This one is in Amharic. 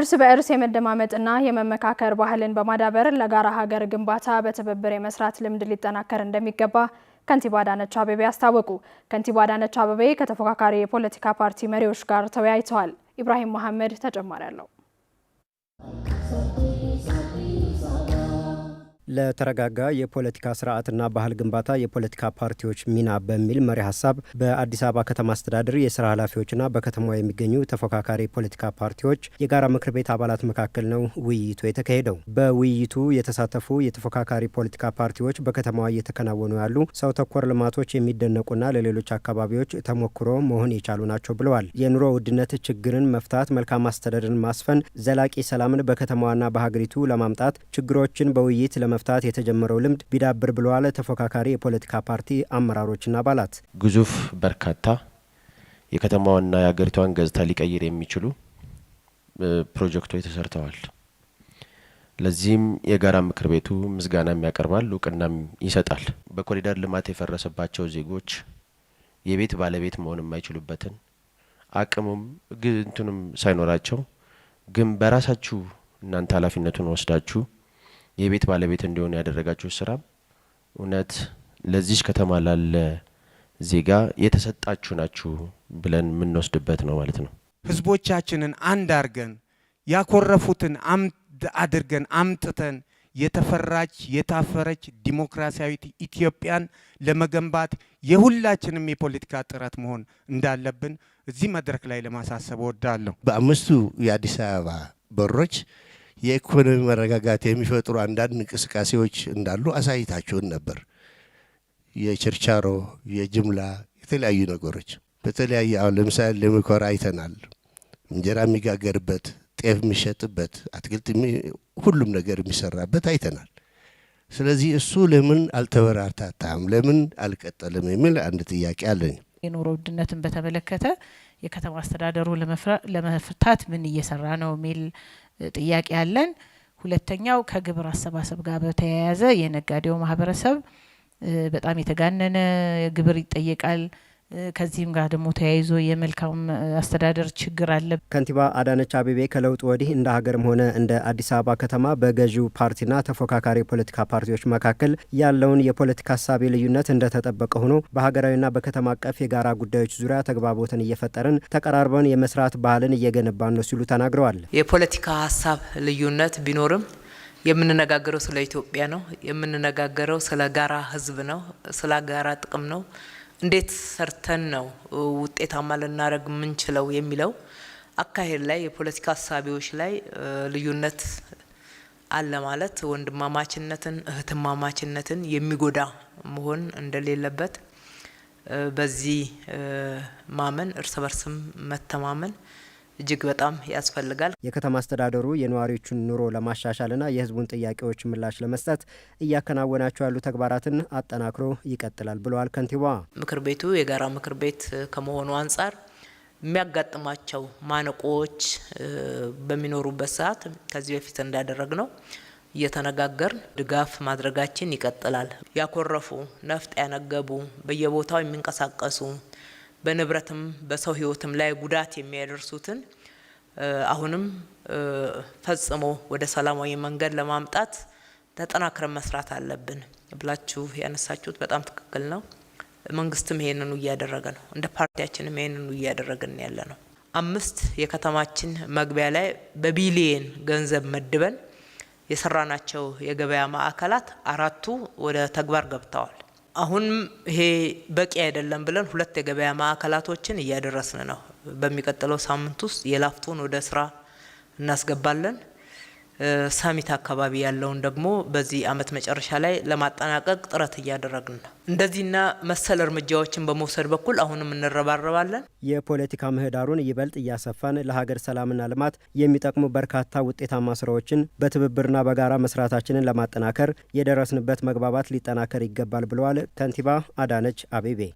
እርስ በእርስ የመደማመጥና የመመካከር ባህልን በማዳበር ለጋራ ሀገር ግንባታ በትብብር የመስራት ልምድ ሊጠናከር እንደሚገባ ከንቲባ አዳነች አቤቤ አስታወቁ። ከንቲባ አዳነች አቤቤ ከተፎካካሪ የፖለቲካ ፓርቲ መሪዎች ጋር ተወያይተዋል። ኢብራሂም መሐመድ ተጨማሪ አለው። ለተረጋጋ የፖለቲካ ስርዓትና ባህል ግንባታ የፖለቲካ ፓርቲዎች ሚና በሚል መሪ ሀሳብ በአዲስ አበባ ከተማ አስተዳደር የስራ ኃላፊዎችና በከተማ የሚገኙ ተፎካካሪ የፖለቲካ ፓርቲዎች የጋራ ምክር ቤት አባላት መካከል ነው ውይይቱ የተካሄደው። በውይይቱ የተሳተፉ የተፎካካሪ ፖለቲካ ፓርቲዎች በከተማዋ እየተከናወኑ ያሉ ሰው ተኮር ልማቶች የሚደነቁና ለሌሎች አካባቢዎች ተሞክሮ መሆን የቻሉ ናቸው ብለዋል። የኑሮ ውድነት ችግርን መፍታት፣ መልካም አስተዳደርን ማስፈን፣ ዘላቂ ሰላምን በከተማዋና በሀገሪቱ ለማምጣት ችግሮችን በውይይት ለመ ለመፍታት የተጀመረው ልምድ ቢዳብር ብለዋል ተፎካካሪ የፖለቲካ ፓርቲ አመራሮችና አባላት። ግዙፍ በርካታ የከተማዋና የሀገሪቷን ገጽታ ሊቀይር የሚችሉ ፕሮጀክቶች ተሰርተዋል። ለዚህም የጋራ ምክር ቤቱ ምስጋናም ያቀርባል፣ እውቅናም ይሰጣል። በኮሪደር ልማት የፈረሰባቸው ዜጎች የቤት ባለቤት መሆን የማይችሉበትን አቅሙም ግንቱንም ሳይኖራቸው ግን በራሳችሁ እናንተ ኃላፊነቱን ወስዳችሁ የቤት ባለቤት እንዲሆን ያደረጋችሁ ስራ እውነት ለዚች ከተማ ላለ ዜጋ የተሰጣችሁ ናችሁ ብለን የምንወስድበት ነው ማለት ነው። ህዝቦቻችንን አንድ አድርገን ያኮረፉትን አምድ አድርገን አምጥተን የተፈራች የታፈረች ዲሞክራሲያዊት ኢትዮጵያን ለመገንባት የሁላችንም የፖለቲካ ጥረት መሆን እንዳለብን እዚህ መድረክ ላይ ለማሳሰብ እወዳለሁ። በአምስቱ የአዲስ አበባ በሮች የኢኮኖሚ መረጋጋት የሚፈጥሩ አንዳንድ እንቅስቃሴዎች እንዳሉ አሳይታችሁን ነበር። የችርቻሮ፣ የጅምላ፣ የተለያዩ ነገሮች በተለያየ አሁን ለምሳሌ ለምኮር አይተናል። እንጀራ የሚጋገርበት፣ ጤፍ የሚሸጥበት፣ አትክልት ሁሉም ነገር የሚሰራበት አይተናል። ስለዚህ እሱ ለምን አልተበራታታም? ለምን አልቀጠልም? የሚል አንድ ጥያቄ አለኝ። የኑሮ ውድነትን በተመለከተ የከተማ አስተዳደሩ ለመፍታት ምን እየሰራ ነው የሚል ጥያቄ አለን። ሁለተኛው ከግብር አሰባሰብ ጋር በተያያዘ የነጋዴው ማህበረሰብ በጣም የተጋነነ ግብር ይጠየቃል። ከዚህም ጋር ደግሞ ተያይዞ የመልካም አስተዳደር ችግር አለ። ከንቲባ አዳነች አቤቤ ከለውጥ ወዲህ እንደ ሀገርም ሆነ እንደ አዲስ አበባ ከተማ በገዢው ፓርቲና ተፎካካሪ የፖለቲካ ፓርቲዎች መካከል ያለውን የፖለቲካ ሀሳቢ ልዩነት እንደተጠበቀ ሆኖ በሀገራዊና በከተማ አቀፍ የጋራ ጉዳዮች ዙሪያ ተግባቦትን እየፈጠርን ተቀራርበን የመስራት ባህልን እየገነባን ነው ሲሉ ተናግረዋል። የፖለቲካ ሀሳብ ልዩነት ቢኖርም የምንነጋገረው ስለ ኢትዮጵያ ነው። የምንነጋገረው ስለ ጋራ ህዝብ ነው። ስለ ጋራ ጥቅም ነው። እንዴት ሰርተን ነው ውጤታማ ልናደረግ የምንችለው የሚለው አካሄድ ላይ የፖለቲካ ሀሳቢዎች ላይ ልዩነት አለ ማለት ወንድማማችነትን እህትማማችነትን የሚጎዳ መሆን እንደሌለበት በዚህ ማመን እርስ በርስም መተማመን እጅግ በጣም ያስፈልጋል። የከተማ አስተዳደሩ የነዋሪዎቹን ኑሮ ለማሻሻልና የህዝቡን ጥያቄዎች ምላሽ ለመስጠት እያከናወናቸው ያሉ ተግባራትን አጠናክሮ ይቀጥላል ብለዋል ከንቲባ ምክር ቤቱ የጋራ ምክር ቤት ከመሆኑ አንጻር የሚያጋጥማቸው ማነቆዎች በሚኖሩበት ሰዓት ከዚህ በፊት እንዳደረግ ነው እየተነጋገር ድጋፍ ማድረጋችን ይቀጥላል። ያኮረፉ ነፍጥ ያነገቡ በየቦታው የሚንቀሳቀሱ በንብረትም በሰው ህይወትም ላይ ጉዳት የሚያደርሱትን አሁንም ፈጽሞ ወደ ሰላማዊ መንገድ ለማምጣት ተጠናክረን መስራት አለብን ብላችሁ ያነሳችሁት በጣም ትክክል ነው። መንግስትም ይሄንኑ እያደረገ ነው። እንደ ፓርቲያችንም ይሄንኑ እያደረግን ያለ ነው። አምስት የከተማችን መግቢያ ላይ በቢሊየን ገንዘብ መድበን የሰራናቸው የገበያ ማዕከላት አራቱ ወደ ተግባር ገብተዋል። አሁንም ይሄ በቂ አይደለም ብለን ሁለት የገበያ ማዕከላቶችን እያደረስን ነው። በሚቀጥለው ሳምንት ውስጥ የላፍቶን ወደ ስራ እናስገባለን። ሳሚት አካባቢ ያለውን ደግሞ በዚህ አመት መጨረሻ ላይ ለማጠናቀቅ ጥረት እያደረግን ነው። እንደዚህና መሰል እርምጃዎችን በመውሰድ በኩል አሁንም እንረባረባለን። የፖለቲካ ምህዳሩን ይበልጥ እያሰፋን ለሀገር ሰላምና ልማት የሚጠቅሙ በርካታ ውጤታማ ስራዎችን በትብብርና በጋራ መስራታችንን ለማጠናከር የደረስንበት መግባባት ሊጠናከር ይገባል ብለዋል ከንቲባ አዳነች አቤቤ።